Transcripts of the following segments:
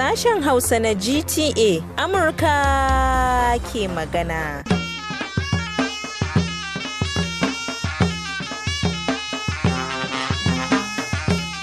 Sashen Hausa na GTA Amurka ke magana.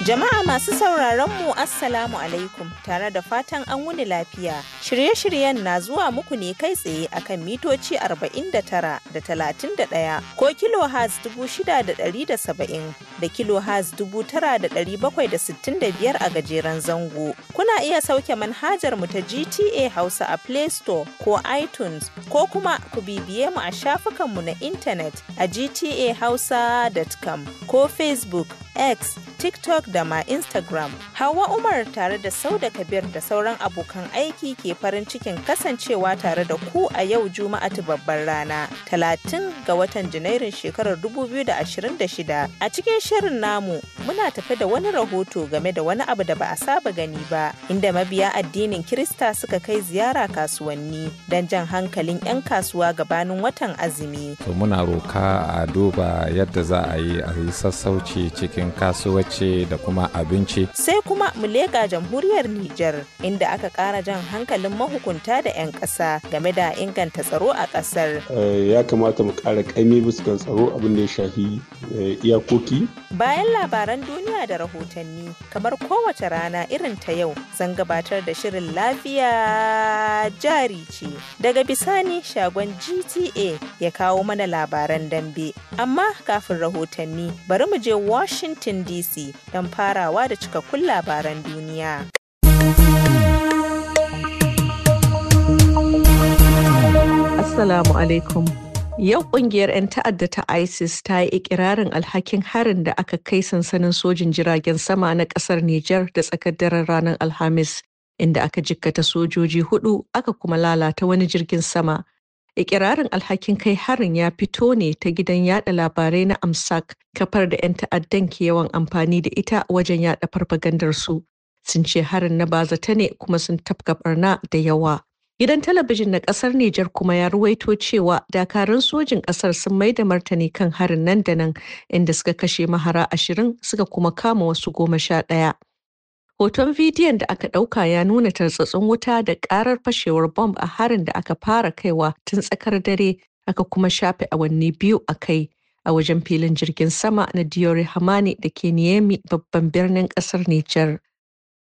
Jama'a masu sauraron mu Assalamu alaikum tare da fatan an wuni lafiya. Shirye-shiryen na zuwa muku ne kai tsaye akan mitoci 49 da 31 ko kilohaz 6,770 da kilohaz 9,765 a gajeren zango. Kuna iya sauke manhajar mu ta GTA Hausa a Play Store ko iTunes ko kuma ku bibiye mu a shafukanmu na intanet a gtahausa.com ko Facebook, X TikTok da ma Instagram. Hawa Umar tare da Sauda Kabir da sauran abokan aiki ke farin cikin kasancewa tare da ku a yau Juma'atu babbar rana, 30 ga watan Janairun shekarar 2026. A cikin shirin namu, muna tafe da wani rahoto game da wani abu da ba a saba gani ba, inda mabiya addinin Kirista suka kai ziyara kasuwanni don jan hankalin 'yan kasuwa gabanin watan azumi. muna roka a duba yadda za a yi a yi sassauci cikin kasuwanci ce da kuma abinci. Sai kuma mu leƙa jamhuriyar Nijar inda aka ƙara jan hankalin mahukunta da 'yan ƙasa game da inganta tsaro a ƙasar. Eh, ya kamata mu ƙara ƙaimi buskan tsaro abin da ya shafi eh, iyakoki. Bayan labaran duniya da rahotanni kamar kowace rana irin ta yau zan gabatar da shirin lafiya jari ce daga bisani shagon GTA ya kawo mana labaran dambe. Amma kafin rahotanni bari mu je Washington DC Kirsimeti don farawa da cikakkun labaran duniya. Assalamu alaikum. Yau ƙungiyar 'yan ta'adda ta ISIS ta yi ikirarin alhakin harin da aka kai sansanin sojin jiragen sama na ƙasar Nijar da tsakar daren ranar Alhamis, inda aka jikkata sojoji hudu aka kuma lalata wani jirgin sama. ikirarin alhakin kai harin ya fito ne ta gidan yada labarai na amsak kafar da 'yan ta'addan ke yawan amfani da ita wajen yada farfagandar su sun ce harin na bazata ne kuma sun tafka barna da yawa gidan talabijin na kasar Nijar kuma ya ruwaito cewa dakarun sojin kasar sun mai da martani kan harin nan da nan inda suka kashe mahara ashirin suka kuma kama wasu goma sha ɗaya Hoton bidiyon da aka ɗauka ya nuna tartsatsin wuta da ƙarar fashewar bomb a harin da aka fara kaiwa tun tsakar dare aka kuma shafe awanni biyu a kai a wajen filin jirgin sama na Diori Hamani da ke Niyami babban birnin ƙasar Nijar.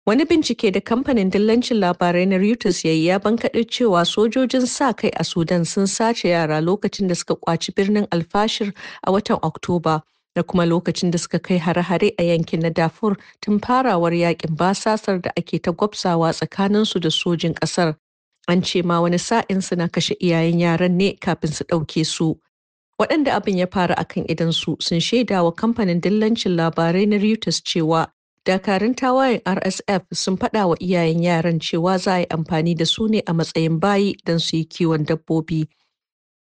Wani bincike da kamfanin dillancin labarai na Reuters ya yi ya bankaɗe cewa sojojin sa kai a Sudan sun sace yara lokacin da suka kwaci birnin Alfashir a watan Oktoba. da kuma lokacin da suka kai hare-hare a yankin na Darfur tun farawar yakin basasar da ake ta gwabsawa su da sojin ƙasar. An ce ma wani sa'in suna kashe iyayen yaran ne kafin su ɗauke su. Waɗanda abin ya faru akan kan su, sun shaida wa kamfanin dillancin labarai na Reuters cewa dakarun tawayen RSF sun faɗa wa iyayen yaran cewa za a yi amfani da su ne a matsayin bayi don su yi kiwon dabbobi.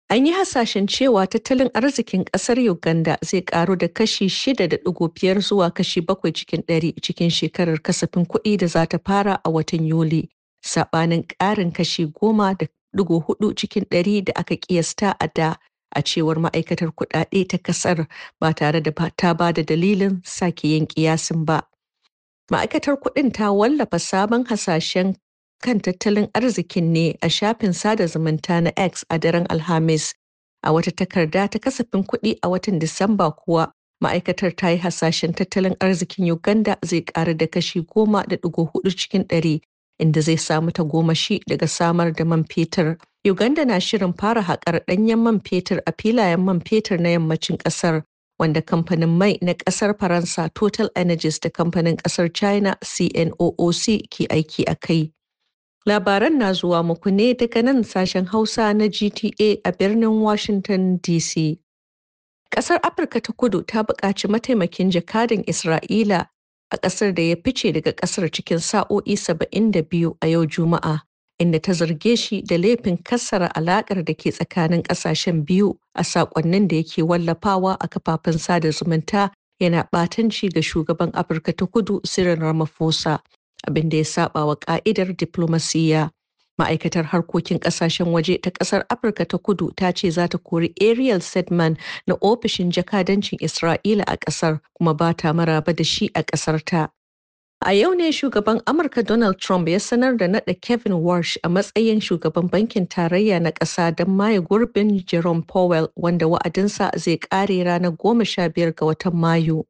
An yi hasashen cewa tattalin arzikin ƙasar Uganda zai ƙaru da kashi 6.5 zuwa kashi 7 cikin ɗari cikin shekarar kasafin kuɗi da za ta fara a watan Yuli, saɓanin ƙarin kashi 10.4 cikin ɗari da aka ƙiyasta a da a cewar ma'aikatar kuɗaɗe ta ƙasar ba tare da ta ba da dalilin sake yin ƙiyasin ba. Ma'aikatar kuɗin ta wallafa sabon hasashen kan tattalin arzikin ne a shafin sada zumunta na X a daren Alhamis. A wata takarda ta kasafin kuɗi a watan Disamba kuwa, ma'aikatar ta yi hasashen tattalin arzikin Uganda zai ƙaru da kashi goma da ɗigo hudu cikin ɗari, inda zai samu ta goma shi daga samar da man fetur. Uganda na shirin fara haƙar ɗanyen man fetur a filayen man fetur na yammacin ƙasar, wanda kamfanin mai na ƙasar Faransa Total Energies da kamfanin ƙasar China CNOOC ke aiki a kai. Labaran na zuwa muku ne daga nan sashen Hausa na GTA a birnin Washington DC. Ƙasar Afirka ta kudu ta buƙaci mataimakin jakadan Isra'ila a ƙasar da ya fice daga ƙasar cikin sa'o'i saba'in da biyu a yau Juma'a, inda ta zarge shi da laifin kassara alaƙar da ke tsakanin ƙasashen biyu a saƙonnin da yake wallafawa a kafafen sada zumunta yana ɓatanci ga shugaban Afirka ta kudu Cyril Ramaphosa abin da ya saba wa ka'idar diplomasiyya. Ma'aikatar harkokin ƙasashen waje ta ƙasar Afirka ta kudu ta ce za ta kori Ariel Sedman na ofishin jakadancin Isra'ila a ƙasar kuma ba ta maraba da shi a ƙasar ta. A yau ne shugaban Amurka Donald Trump ya sanar da naɗa Kevin Walsh a matsayin shugaban bankin tarayya na ƙasa don maye gurbin Jerome Powell wanda wa'adinsa zai ƙare ranar goma sha biyar ga watan Mayu.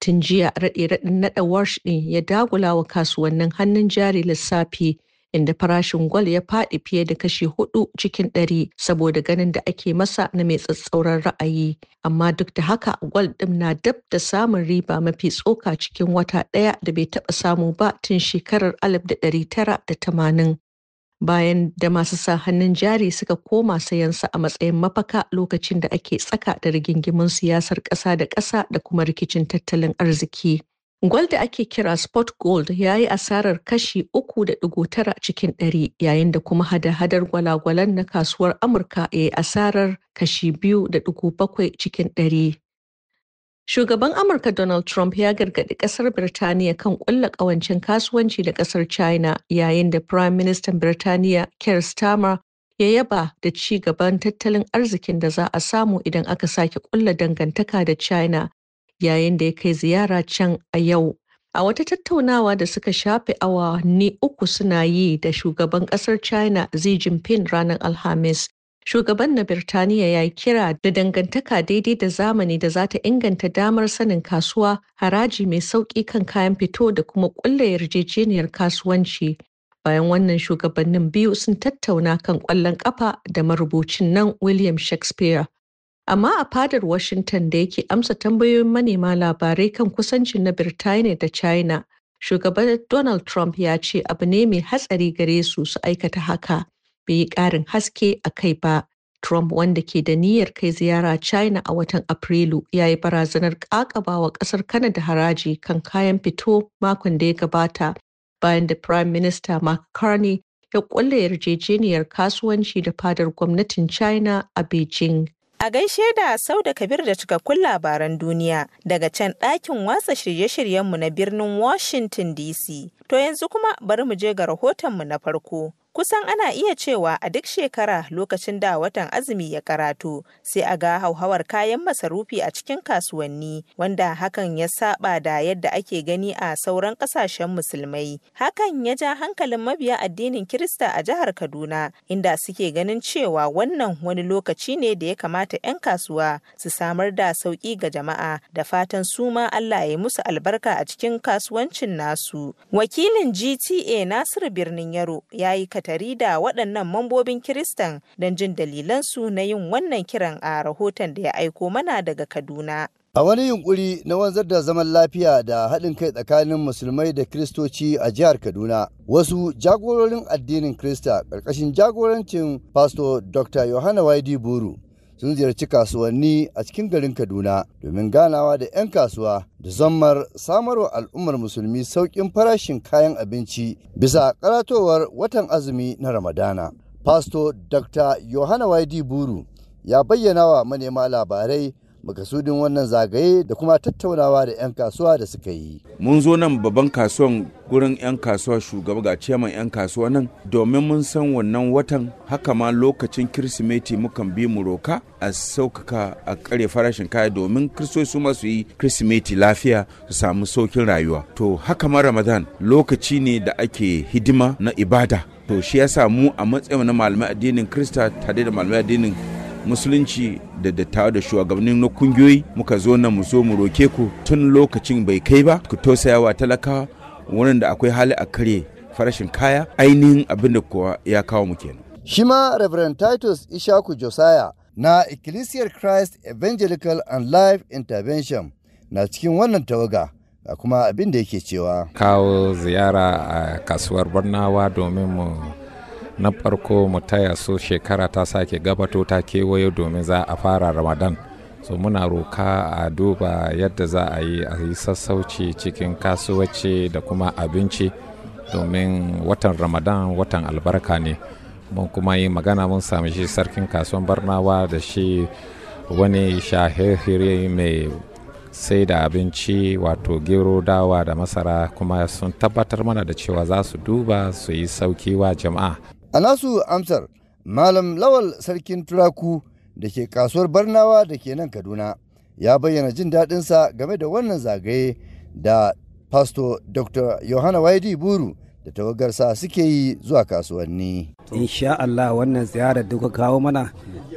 Tun jiya raɗe-raɗin naɗa Warsh ɗin ya dagula wa kasuwannin hannun jari lissafi inda farashin gwal ya faɗi fiye da kashi hudu cikin ɗari saboda ganin da ake masa na mai tsatsauran ra'ayi. Amma duk da haka gwal ɗin na dab da samun riba mafi tsoka cikin wata ɗaya da bai taɓa samu ba tun shekarar 1980. bayan da masu sa hannun jari suka koma sayansa a matsayin mafaka lokacin da ake tsaka da rigingimin siyasar ƙasa da ƙasa da kuma rikicin tattalin arziki. Gwal da ake kira Spot Gold ya yi asarar kashi 3.9 cikin ɗari, yayin da kuma hada-hadar gwalagwalan na kasuwar Amurka ya yi asarar kashi 2.7 cikin ɗari. Shugaban Amurka Donald Trump ya gargaɗi ƙasar Birtaniya kan ƙulla ƙawancin kasuwanci da ƙasar China yayin da Prime Minister Birtaniya Keir Starmer ya yaba da ci gaban tattalin arzikin da za a samu idan aka sake ƙulla dangantaka da China yayin da ya kai ziyara can a yau. A wata tattaunawa da suka shafe awa ni uku suna yi da shugaban ƙasar China Xi Jinping ranar Alhamis, Shugaban na Birtaniya ya yi kira da dangantaka daidai da zamani da za ta inganta damar sanin kasuwa haraji mai sauƙi kan kayan fito da kuma ƙulla yarjejeniyar kasuwanci. Bayan wannan shugabannin biyu sun tattauna kan ƙwallon ƙafa da marubucin nan William Shakespeare. Amma a fadar Washington da yake amsa tambayoyin manema labarai kan kusancin na Birtaniya da China, shugaban Donald Trump ya ce abu ne mai hatsari gare su su aikata haka. bai yi ƙarin haske a kai ba. Trump wanda ke da niyyar kai ziyara China a watan Afrilu ya yi barazanar wa ƙasar Canada haraji kan kayan fito makon da ya gabata bayan da Prime Minister Mark Carney ya ƙulla yarjejeniyar kasuwanci da fadar gwamnatin China a Beijing. A gaishe da sau da kabir da cikakkun labaran duniya daga can ɗakin watsa shirye-shiryenmu na birnin Washington DC. To yanzu kuma bari mu je ga rahotonmu na farko. Kusan ana iya cewa a duk shekara lokacin da watan azumi ya karatu, sai a ga hauhawar kayan masarufi a cikin kasuwanni wanda hakan ya saba da yadda ake gani a sauran kasashen musulmai. Hakan ya ja hankalin mabiya addinin Kirista a jihar Kaduna inda suke ganin cewa wannan wani lokaci ne da ya kamata 'yan kasuwa su samar da sauƙi ga jama'a da fatan su ma Allah ya musu albarka a cikin kasuwancin nasu. Wakilin GTA Nasiru Birnin Yaro ya yi katari da waɗannan mambobin Kiristan don jin dalilansu na yin wannan kiran a rahoton da ya aiko mana daga Kaduna. A wani yunkuri na wanzar da zaman lafiya da haɗin kai tsakanin musulmai da kiristoci a jihar Kaduna, wasu jagororin addinin Krista ƙarƙashin jagorancin Pastor Dr. Yohana Waidi Buru sun ziyarci kasuwanni a cikin garin Kaduna domin ganawa da 'yan kasuwa da zammar samarwa al'ummar musulmi sauƙin farashin kayan abinci bisa karatowar watan azumi na Ramadana. Pastor Dr. Yohana Waidi Buru ya bayyana wa manema labarai makasudin wannan zagaye da kuma tattaunawa da 'yan kasuwa da suka yi. Mun zo nan babban kasuwan gurin 'yan kasuwa shugaba ga ciyaman 'yan kasuwa nan domin mun san wannan watan haka ma lokacin kirsimeti mukan bi mu roka a saukaka a kare farashin kaya domin kristoci su masu yi kirsimeti lafiya su samu saukin rayuwa. To haka ma ramadan lokaci ne da ake hidima na ibada. To shi yasa mu a matsayin na malamai addinin Krista tare da malamai addinin musulunci da dattawa da shugabannin na kungiyoyi muka zo nan mu zo mu roke ku tun lokacin bai kai ba ku tausayawa talakawa wurin da akwai hali a kare farashin kaya ainihin abin da kuwa ya kawo mu kenan. Shi ma Reverend Titus Ishaku josaya na Ecclesiar Christ Evangelical and Life Intervention na cikin wannan tawaga ga kuma abin da yake cewa. Kawo ziyara a kasuwar Barnawa domin mu na farko mu taya su shekara ta sake gabato ta kewaye domin za a fara ramadan so muna roka a duba yadda za a yi a yi sassauci cikin kasuwanci da kuma abinci domin watan ramadan watan albarka ne mun kuma yi magana mun sami shi sarkin kasuwan barnawa da shi wani shahiri mai sai da abinci wato gero dawa da masara kuma sun tabbatar mana da cewa za su duba su yi sauki wa jama'a A nasu amsar, Malam Lawal Sarkin Turaku da ke kasuwar Barnawa da ke nan Kaduna ya bayyana jin daɗinsa game da wannan zagaye da Pasto Dr. Yohana Waidi Buru da tawagarsa suke yi zuwa kasuwanni. Insha Allah wannan ziyarar duka kawo mana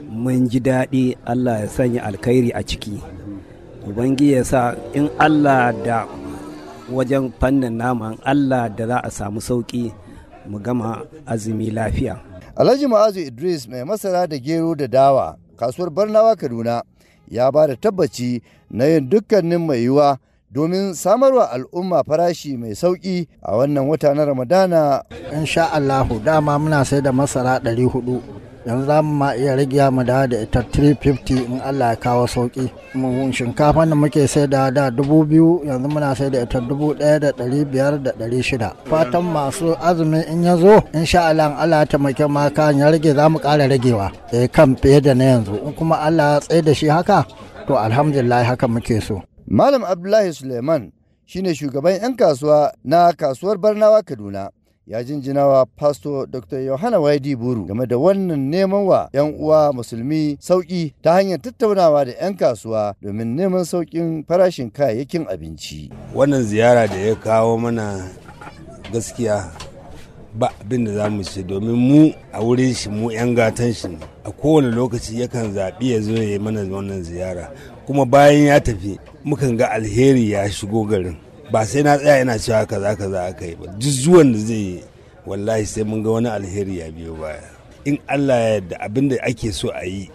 mun ji daɗi Allah ya sanya alkhairi a ciki. Ubangiji ya sa in Allah da wajen fannin naman Allah da za a samu sauƙi. mu gama azumi lafiya. Alhaji Ma'azu Idris mai masara da gero da dawa kasuwar Barnawa Kaduna ya ba da tabbaci na yin dukkanin mai yiwuwa domin samarwa al'umma farashi mai sauƙi a wannan wata na Ramadana. In sha Allahu dama muna sai da masara 400 yanzu za mu ma iya rage mu da da ita 350 in Allah ya kawo sauki mun shinkafa da muke sai da da dubu biyu yanzu muna sai da ita dubu fatan masu azumi in ya zo in sha Allah Allah ya taimake ma kan ya rage za mu ƙara ragewa eh kan fiye da na yanzu in kuma Allah ya tsaye da shi haka to alhamdulillah haka muke so Malam Abdullahi Suleiman shine shugaban 'yan kasuwa na kasuwar Barnawa Kaduna. ya jinjinawa pastor Dr. Yohana Waidi Buru game da wannan neman wa 'yan uwa musulmi sauƙi ta hanyar tattaunawa da 'yan kasuwa domin neman sauƙin farashin kayayyakin abinci. Wannan ziyara da ya kawo mana gaskiya ba abin da za mu ce domin mu a wurin shi mu 'yan gatan shi a kowane lokaci yakan zaɓi ya zo ya yi mana wannan ziyara kuma bayan ya tafi mukan ga alheri ya shigo garin ba sai na tsaya yana cewa kaza kaza aka yi ba duk zuwan da zai yi wallahi sai mun ga wani alheri ya biyo baya in allah ya yarda abin da ake so a yi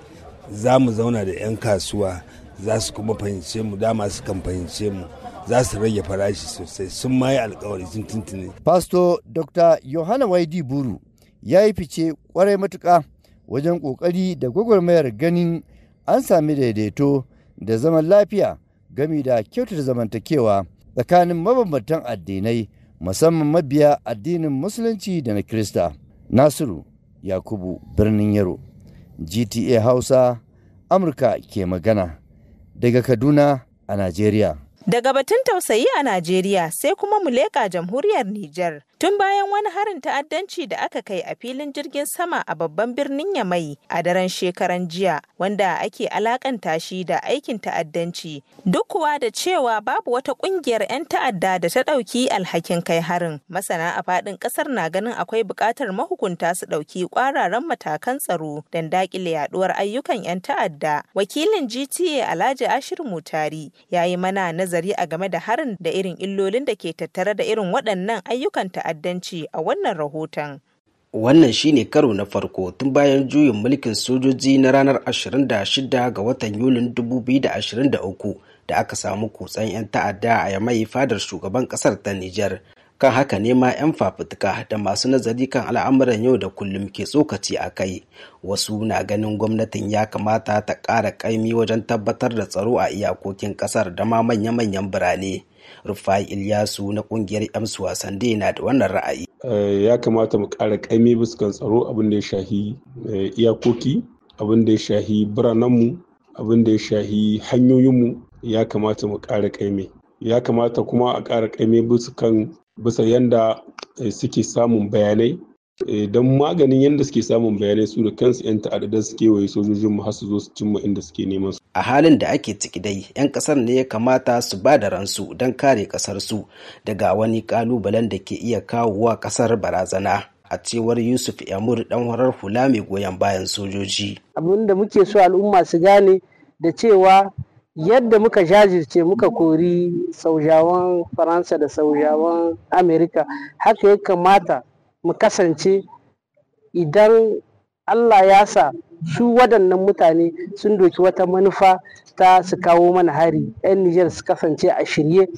za mu zauna da 'yan kasuwa za su kuma fahimce mu dama su kan fahimce mu za su rage farashi sosai sun ma yi alkawari sun tuntuni. Pasto Dr. Yohana Waidi Buru ya yi fice kwarai matuka wajen kokari da gwagwarmayar ganin an sami daidaito da zaman lafiya gami da kyautar zamantakewa tsakanin mabambantan addinai musamman mabiya addinin musulunci da na krista nasiru yakubu birnin yaro gta hausa amurka ke magana daga kaduna a najeriya Daga batun tausayi a Najeriya sai kuma mu leƙa jamhuriyar Nijar. Tun bayan wani harin ta'addanci da aka kai a filin jirgin sama a babban birnin Yamai a daren shekaran jiya wanda ake alakanta shi da aikin ta'addanci. Duk kuwa da cewa babu wata ƙungiyar 'yan ta'adda da ta ɗauki alhakin kai harin. Masana a faɗin ƙasar na ganin akwai buƙatar mahukunta su ɗauki ƙwararan matakan tsaro don daƙile yaɗuwar ayyukan 'yan ta'adda. Wakilin GTA Alhaji Ashir Mutari ya yi mana nazarin. nazari a game da harin da irin illolin da ke tattare da irin waɗannan ayyukan ta'addanci a wannan rahoton. Wannan shi ne karo na farko tun bayan juyin mulkin sojoji na ranar 26 ga watan Yulin 2023 da aka samu kutsen 'yan ta'adda a yamai fadar shugaban kasar ta Nijar kan haka ne ma 'yan fafutuka da masu nazari kan al'amuran yau da kullum ke tsokaci a kai wasu na ganin gwamnatin ya kamata ta ƙara ƙaimi wajen tabbatar da tsaro a iyakokin ƙasar da ma manya-manyan birane rufai ilyasu na ƙungiyar 'yan wasan dai na da wannan ra'ayi eh, ya kamata mu ƙara ƙaimi buskan tsaro abin da ya shahi eh, iyakoki abin da ya shahi biranenmu abin da ya shahi hanyoyinmu ya kamata mu ƙara ƙaimi ya kamata kuma a ƙara ƙaimi bisa kan bisa yanda eh, suke samun bayanai eh, don maganin yadda suke samun bayanai su da kansu 'yan ta'adda suke wayi sojojin mu har su zo su cimma inda suke neman su. A halin da ake ciki dai 'yan kasar ne ya kamata su ba da ransu don kare kasar su daga wani kalubalen da ke iya kawowa kasar barazana. a cewar Yusuf Yamur dan horar hula mai goyon bayan sojoji. Abin da muke so al'umma su gane da cewa yadda muka jajirce muka kori saujawan faransa da saujawan amerika haka ya kamata mu kasance idan allah ya sa su waɗannan mutane sun doki wata manufa ta su kawo mana hari 'yan nijar su kasance a shirye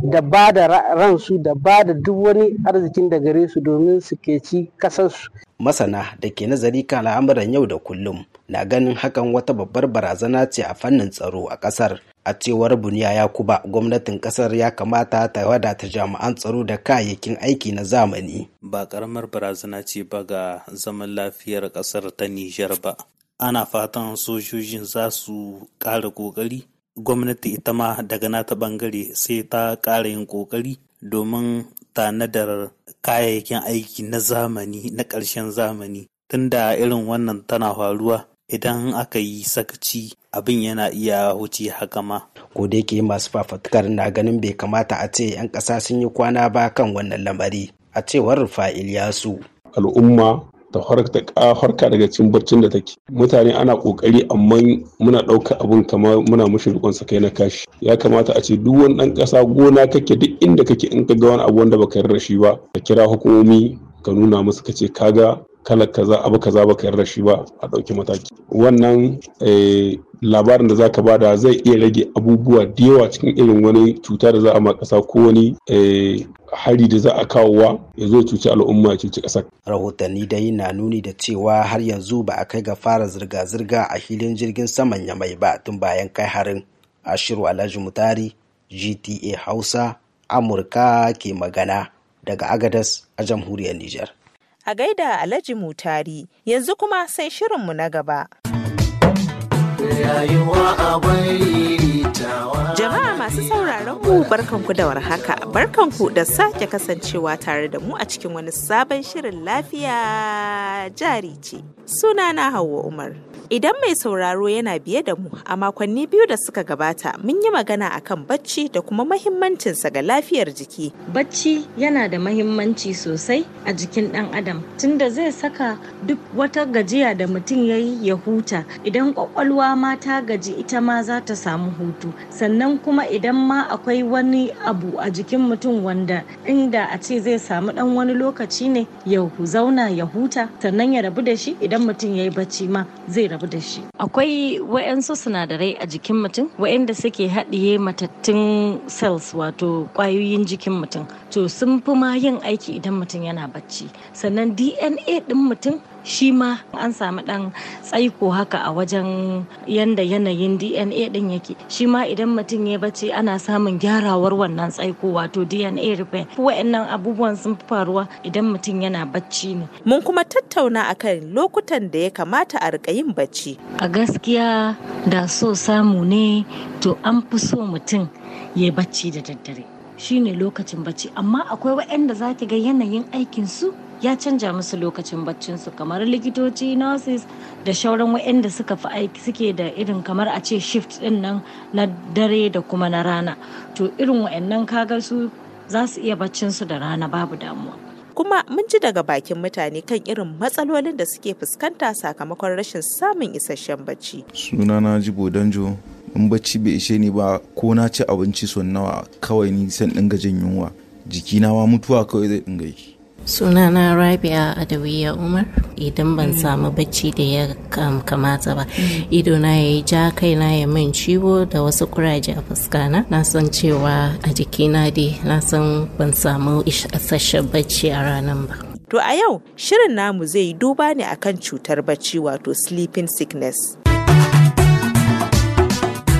da ba da ransu da ba da duk wani arzikin da gare su domin su ke ci kasarsu masana da ke nazari kan al'amuran yau da kullum na ganin hakan wata babbar barazana ce a fannin tsaro a ƙasar a cewar buniya ya kuba, gwamnatin kasar ya kamata ta wadata jami'an tsaro da kayayyakin aiki na zamani ba karamar barazana ce ba ga zaman lafiyar kasar ta nijar ba ana fatan sojojin za su ƙara ƙoƙari gwamnati ita ma daga nata bangare sai ta ƙara yin ƙoƙari domin tanadar kayayyakin aiki na zamani na ƙarshen zamani tunda irin wannan tana faruwa idan aka yi sakaci abin yana iya wuce haka ma. Ko da yake masu fafatukar na ganin bai kamata a ce 'yan ƙasa sun yi kwana ba kan wannan lamari a cewar Rufa su Al'umma ta harka daga cikin barcin da take mutane ana kokari amma muna ɗauka abun kamar muna mushi rikon kai na kashi ya kamata a ce duk wani ɗan ƙasa gona kake duk inda kake in ka ga wani abu wanda baka yarda shi ba ka kira hukumomi ka nuna musu ka ce kaga kala kaza abu kaza baka yarda shi ba a ɗauki mataki wannan eh, labarin da za ka bada zai iya rage abubuwa da yawa cikin irin wani cuta da za a makasa ko wani eh, hari da za a kawowa ya zo cuci al'umma ya cuci ƙasar. rahotanni dai na nuni da cewa har yanzu ba a kai ga fara zirga-zirga a filin jirgin saman yamai ba tun bayan kai harin ashiru alhaji mutari gta hausa amurka ke magana daga agadas a jamhuriyar nijar. a gaida Alhaji Mutari. Yanzu kuma sai shirinmu na gaba. Jama'a masu sauraron mu barkanku da warhaka barkanku da sake kasancewa tare da mu a cikin wani sabon shirin lafiya jari ce sunana Hauwa Umar Idan mai sauraro yana biye da mu a makonni biyu da suka gabata mun yi magana akan bacci da kuma mahimmancinsa ga lafiyar jiki. Bacci yana da mahimmanci sosai a jikin ɗan adam tunda zai saka duk wata gajiya da mutum ya yi ya huta idan kwakwalwa ma ta gaji ita ma za ta samu hutu sannan kuma idan ma akwai wani abu a jikin mutum wanda inda a ce zai samu dan wani lokaci ne ya zauna ya huta sannan ya rabu da shi idan mutum ya yi bacci ma zai rabu da shi akwai wa'yansu sinadarai a jikin mutum wa'yanda suke haɗiye matattun cells wato ƙwayoyin jikin mutum to sun fi ma yin aiki idan mutum yana bacci sannan dna ɗin mutum shi ma an samu ɗan tsaiko haka a wajen yanda yanayin dna ɗin yake shi ma idan mutum ya bace ana samun gyarawar wannan tsaiko wato dna repair wa'annan abubuwan sun fi faruwa idan mutum yana bacci ne mun kuma tattauna akan lokutan da ya kamata a rika yin bacci a gaskiya da so samu ne to an fi so mutum ya bacci da daddare shine lokacin bacci amma akwai waɗanda za ga yanayin aikin su ya canja musu lokacin baccinsu kamar likitoci nurses da shauran waɗanda suka fi aiki suke da irin kamar a ce shift din nan na dare da kuma na rana to irin waɗannan kaga su za su iya baccinsu da rana babu damuwa kuma mun ji daga bakin mutane kan irin matsalolin da suke fuskanta sakamakon rashin samun isasshen bacci suna na jibo danjo in bacci bai ishe ni ba ko na ci abinci son nawa kawai ni san dinga jin yunwa jikina ma mutuwa kawai zai dinga yi sunana rabia adawiya umar idan ban mm. samu bacci da ya kamata ba mm. ido na ya yi ja kaina ya min ciwo da wasu kuraje a fuskana na san cewa a jikina dai na san ban samu isasshen bacci a ranar ba To a yau shirin namu zai duba ne akan cutar bacci wato sleeping sickness.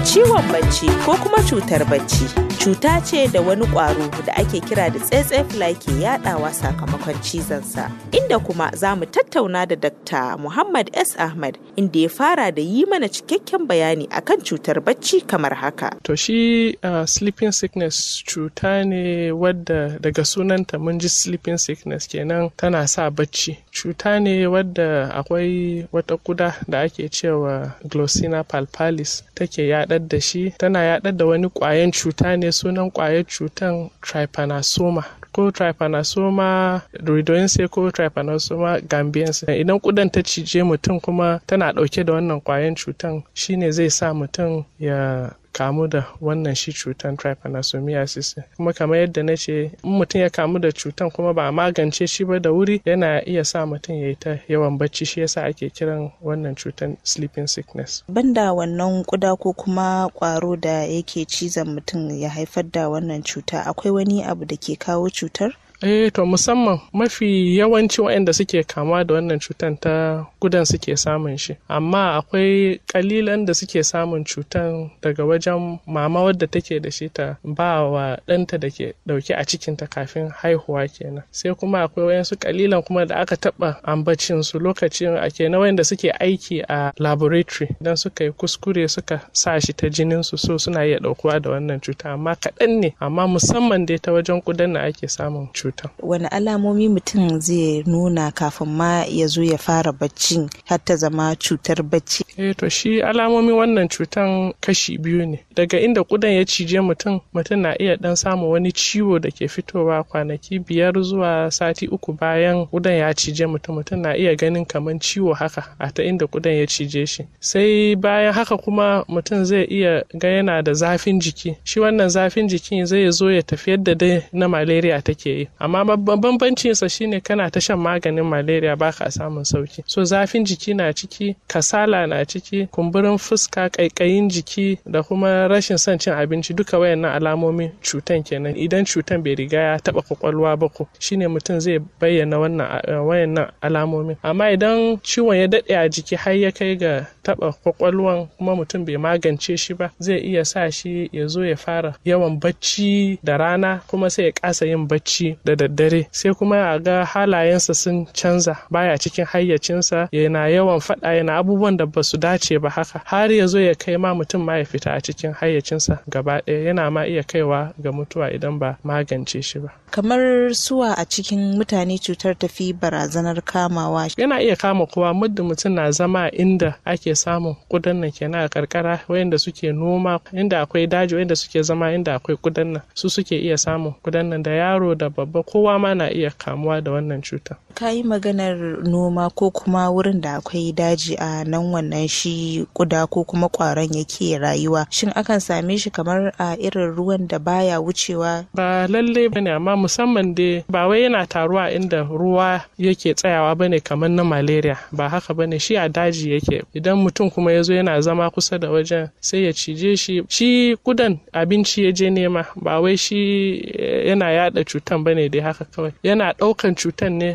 Ciwon bacci ko kuma cutar bacci cuta ce da wani ƙwaro da ake kira da tsetse fly ke yadawa sakamakon cizonsa. Inda kuma za mu tattauna da Dr. Muhammad S. Ahmad inda ya fara da yi mana cikakken bayani akan cutar bacci kamar haka. To shi uh, sleeping sickness cuta ne wadda daga sunanta mun ji sleeping sickness kenan tana sa bacci. Cuta ne wadda akwai wata kuda da ake cewa Glossina palpalis take yaɗar da shi tana yaɗar da wani ƙwayan cuta ne sunan ƙwayar cutan trypanosoma ko trypanosoma rhodoense ko trypanosoma gambiense idan kudan ta cije mutum kuma tana ɗauke da wannan ƙwayan cutan shine zai sa mutum ya kamu da wannan shi cutan trypanosomiasis kuma kamar yadda na ce in mutum ya kamu da cutan kuma ba a magance shi ba da wuri yana iya sa mutum ya yi ta yawan bacci shi yasa ake kiran wannan cutan sleeping sickness banda wannan kuda ko kuma kwaro da yake cizon mutum ya haifar da wannan cuta akwai wani abu da ke kawo cutar Eh to musamman mafi yawanci waɗanda suke kama da wannan cutan ta gudan suke samun shi. Amma akwai kalilan da suke samun cutan daga wajen mama wadda take da shi ta ba wa ɗanta da ke ɗauke a cikinta kafin haihuwa kenan. Sai kuma akwai wayansu kalilan kuma da aka taɓa ambacin su lokacin a kenan wayanda suke aiki a laboratory dan suka yi kuskure suka sa shi ta jinin su so suna iya ɗaukuwa da wannan cuta amma kaɗan ne amma musamman dai ta wajen kudan na ake samun cuta. cutar wani alamomi mutum zai nuna kafin ma ya zo ya fara baccin har ta zama cutar bacci eh to shi alamomi wannan cutan kashi biyu ne daga inda kudan ya cije mutum mutum na iya dan samun wani ciwo da ke fitowa kwanaki biyar zuwa sati uku bayan kudan ya cije mutum mutum na iya ganin kaman ciwo haka a ta inda kudan ya cije shi sai bayan haka kuma mutum zai iya ga yana da zafin jiki shi wannan zafin jikin zai zo ya tafi yadda dai na malaria take yi amma babban bambancin sa shine kana ta shan maganin malaria baka samun sauki so zafin jiki na ciki kasala na ciki kumburin fuska kaikayin jiki da kuma rashin son cin abinci duka wayannan alamomin cutan kenan idan cutan bai riga ya taba kwakwalwa ba ko shine mutum zai bayyana wannan wayannan alamomin amma idan ciwon ya dade a jiki har ya kai ga taɓa kwakwalwan kuma mutum bai magance shi ba zai iya sa shi ya zo ya fara yawan bacci da rana kuma sai ya kasa yin bacci da daddare sai kuma a ga halayensa sun canza baya cikin hayyacinsa yana yawan faɗa yana abubuwan da ba su dace ba haka har ya zo ya kai ma mutum ma ya fita a cikin hayyacinsa gaba ɗaya yana ma iya kaiwa ga mutuwa idan ba magance shi ba kamar suwa a cikin mutane cutar tafi barazanar kamawa yana iya kama kowa muddin mutum na zama a inda ake samun kudan nan kenan a karkara wayanda suke noma inda akwai daji wayanda suke zama inda akwai kudan nan su suke iya samun kudan nan da yaro da babba kowa ma na iya kamuwa da wannan cuta ka yi maganar noma ko kuma wurin da akwai daji a nan wannan shi kuda ko kuma kwaron yake rayuwa shin akan same shi kamar a irin ruwan da baya wucewa ba lalle bane amma musamman dai ba wai yana taruwa inda ruwa yake tsayawa bane kamar na malaria ba haka bane shi a daji yake idan mutum kuma ya zo yana zama kusa da wajen sai ya cije shi shi kudan abinci ya je nema ba wai shi eh, yana yada cutan bane dai haka kawai yana daukan cutan ne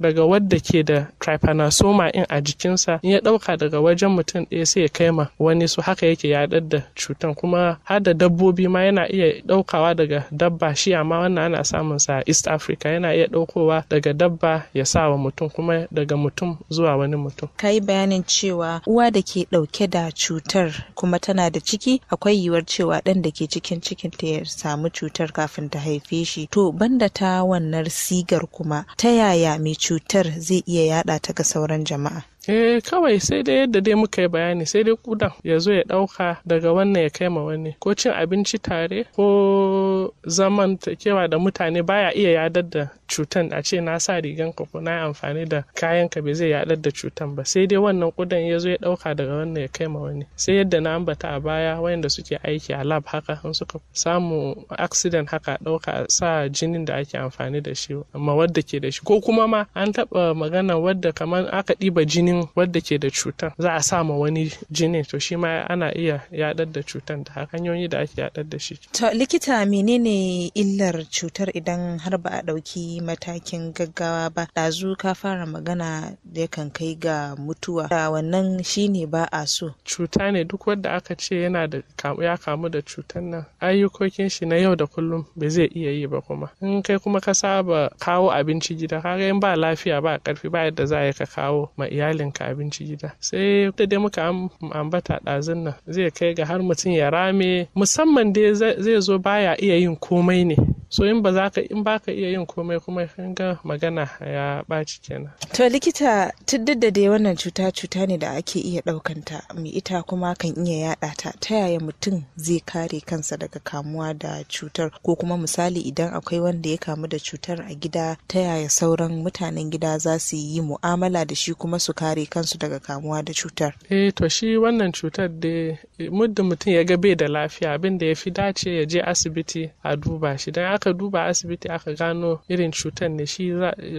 daga wadda ke da trypanosoma in a jikinsa in ya dauka daga wajen mutum ɗaya sai ya kai ma wani su haka yake yadar da cutan kuma har da dabbobi ma yana iya daukawa daga dabba shi amma wannan ana samun sa East Africa yana iya daukowa daga dabba ya sa wa mutum kuma daga mutum zuwa wani mutum kai bayanin cewa uwa da ke ɗauke da cutar kuma tana da ciki akwai yiwuwar cewa ɗan da ke cikin cikin ta ya samu cutar kafin ta haife shi to banda ta wannan sigar kuma ta yaya mai cutar zai iya yada ta ga sauran jama'a eh kawai sai dai yadda dai muka yi bayani sai dai kudan ya zo ya ɗauka daga wannan ya kai ma wani ko cin abinci tare ko zaman kewa da mutane baya iya yadar da cutan a ce na sa rigan ka ko na amfani da kayan ka bai zai yadar da cutan ba sai dai wannan kudan ya zo ya ɗauka daga wannan ya kai ma wani sai yadda na ambata a baya wayanda suke aiki a lab haka an suka samu accident haka ɗauka sa jinin da ake amfani da shi amma wadda ke da shi ko kuma ma an taɓa magana wadda kamar aka ɗiba jinin jikin wadda ke da cutar za a sa wani jini to shi ma ana iya yaɗar da cutar da hanyoyi da ake yaɗar da shi. To likita menene illar cutar idan har ba a ɗauki matakin gaggawa ba ɗazu ka fara magana da yakan kai ga mutuwa da wannan shi ne ba a so. Cuta ne duk wadda aka ce yana da ya kamu da cutar nan ayyukokin shi na yau da kullum ba zai iya yi ba kuma in kai kuma ka saba kawo abinci gida kaga in ba lafiya ba karfi ba yadda za ka kawo ma iyalin ka abinci gida sai da dai muka ambata ɗazun nan zai kai ga har mutum ya rame musamman dai zai zo baya iya yin komai ne so in ba ka in ba iya yin komai kuma ga magana ya ɓaci kenan to likita duk da dai wannan cuta cuta ne da ake iya ɗaukanta mai ita kuma kan iya yaɗa ta ta yaya mutum zai kare kansa daga kamuwa da cutar ko kuma misali idan akwai wanda ya kamu da cutar a gida ta yaya sauran mutanen gida za su yi mu'amala da shi kuma su kare kansu daga kamuwa da cutar eh to shi wannan cutar da muddin mutum ya ga bai da lafiya abin da ya fi dace ya je asibiti a duba shi don aka duba asibiti aka gano irin cutar ne shi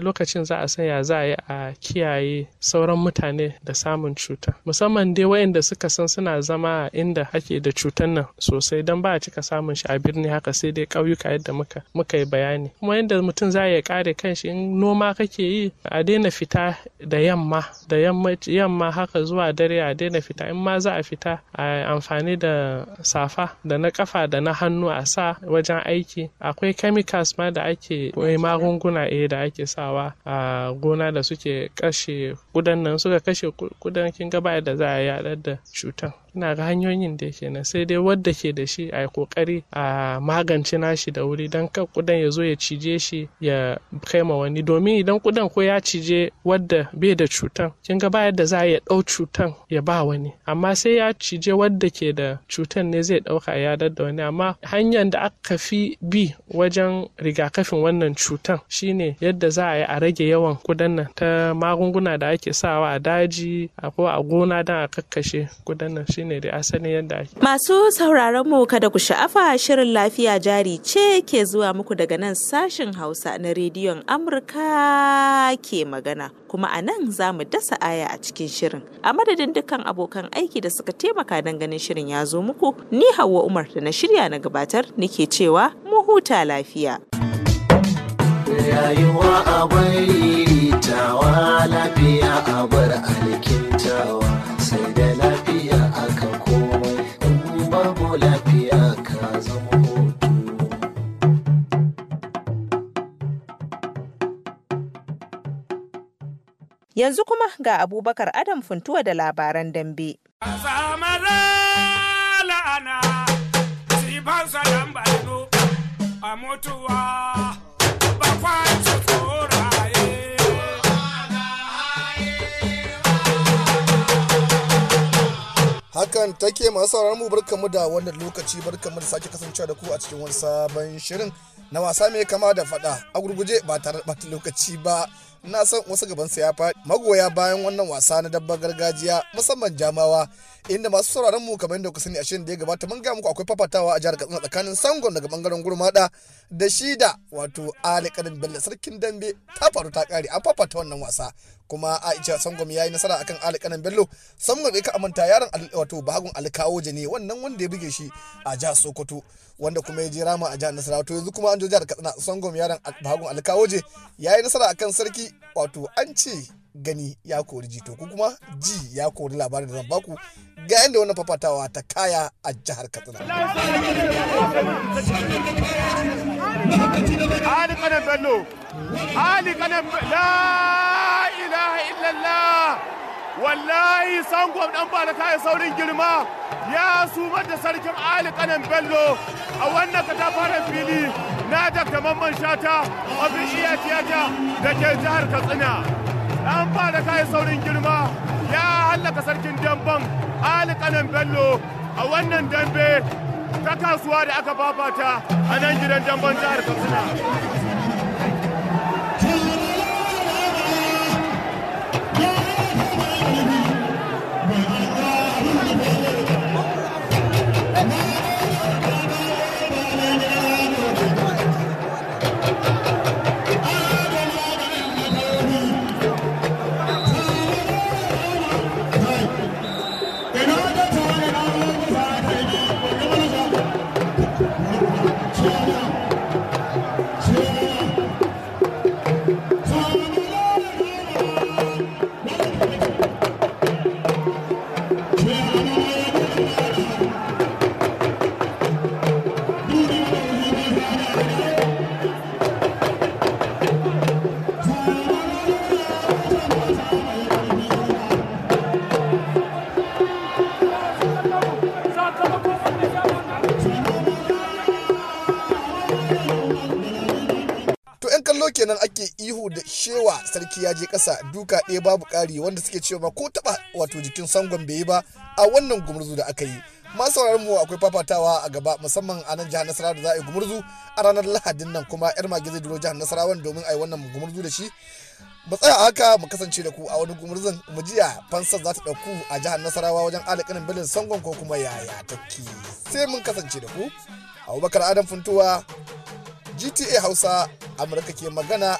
lokacin za a san ya za a yi a kiyaye sauran mutane da samun cuta musamman dai wayanda suka san suna zama inda ake da cutar nan sosai don ba a cika samun shi a birni haka sai dai ƙauyuka yadda muka muka yi bayani kuma yadda mutum za ya kare kanshi in noma kake yi a daina fita da yamma da yamma haka zuwa dare a daina fita in ma za a fita a amfani da safa da na kafa da na hannu a sa wajen aiki akwai akwai chemicals ma da ake magunguna eh da ake sawa a gona da suke kashe kudan nan suka kashe kudan kin ga ba da za a yaɗar da cutan ina ga hanyoyin da nan sai dai wadda ke da shi a kokari a magance nashi da wuri don kan kudan ya zo ya cije shi ya kai ma wani domin idan kudan ko ya cije wadda bai da cutan kin ga ba yadda za a ya ɗau cutan ya ba wani amma sai ya cije wadda ke da cutan ne zai ɗauka ya da wani amma hanyar da aka fi bi wajen rigakafin wannan cutan shine yadda za a yi a rage yawan kudan nan ta magunguna da ake sawa a daji ko a gona don a kakkashe kudan nan shine da asalin yadda ake. Masu sauraron mu kada ku sha'afa shirin lafiya jari ce ke zuwa muku daga nan sashin Hausa na rediyon Amurka ke magana. kuma a nan za mu dasa aya a cikin shirin a madadin dukkan abokan aiki da suka taimaka don ganin shirin ya zo muku ni Hauwa umar da na shirya na gabatar nake cewa mu huta lafiya rayuwa a tawa lafiya abar alkintawa sai da lafiya akan komai in babu lafiya Yanzu kuma ga Abubakar Adam Funtuwa da labaran dambe. a hakan take masu sauraron mu barkamu da wannan lokaci barkamu da sake kasancewa da ku a cikin wani sabon shirin na wasa mai kama da fada a gurguje ba tare da lokaci ba na san wasu gaban ya faɗi magoya bayan wannan wasa na dabbar gargajiya musamman jamawa inda masu sauraron mu kamar yadda ku sani a shirin da ya gabata mun ga muku akwai fafatawa a jihar Katsina tsakanin Sangon daga bangaren Gurmada da Shida wato Ali Kadin Bello sarkin dambe ta faru ta kare an fafata wannan wasa kuma Aisha Sangon yayi nasara akan Ali Kadin Bello Sangon da ka amanta yaron wato Bahagun Alkawoje ne wannan wanda ya buge shi a jihar Sokoto wanda kuma ya je rama a jihar Nasarawa to yanzu kuma an jo jihar Katsina Sangon yaron Bahagun Alkawoje yayi nasara akan sarki wato an ce gani ya kori ji to ku kuma ji ya kori labarin da zan baku ga yadda wannan fafatawa ta kaya a jihar katsina ali kanan bello ali kanan la ilaha illallah wallahi sangon dan ba da yi saurin girma ya sumar da sarkin ali kanan bello a wannan katafaren fili na da kamar man shata abin iya tiyata da ke jihar katsina an fara kayan saurin girma ya hallaka sarkin damben ali kanan bello a wannan dambe ta kasuwa da aka fafata a nan gidan damben jihar katsina jiki ya je ƙasa duka ɗaya babu ƙari wanda suke cewa ma ko taɓa wato jikin sangon bai yi ba a wannan gumurzu da aka yi masu mu akwai fafatawa a gaba musamman a nan jihar nasarawa da za a yi gumurzu a ranar lahadin nan kuma yar mage zai duro jihar nasarawan domin a yi wannan gumurzu da shi ba tsaya haka mu kasance da ku a wani gumurzun mu jiya fansar za ta ɗauku a jihar nasarawa wajen alaƙanin bilin sangon ko kuma yaya takki sai mun kasance da ku abubakar adam funtuwa gta hausa amurka ke magana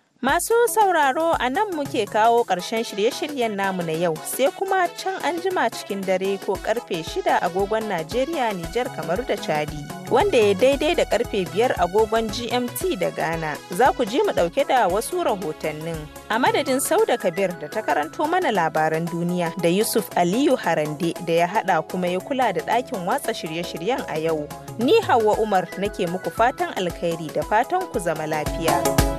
Masu sauraro a nan muke kawo ƙarshen shirye-shiryen namu na yau sai kuma can an jima cikin dare ko karfe shida agogon Najeriya, Nijar, kamar da Chadi. Wanda ya daidai da karfe biyar agogon GMT da Ghana za ku ji mu ɗauke da wasu rahotannin. A madadin Sauda Kabir da ta karanto mana labaran duniya da Yusuf Aliyu Harande da ya haɗa kuma ya kula da ɗakin watsa shirye-shiryen a yau. Ni Hauwa Umar nake muku fatan alkhairi da fatan ku zama lafiya.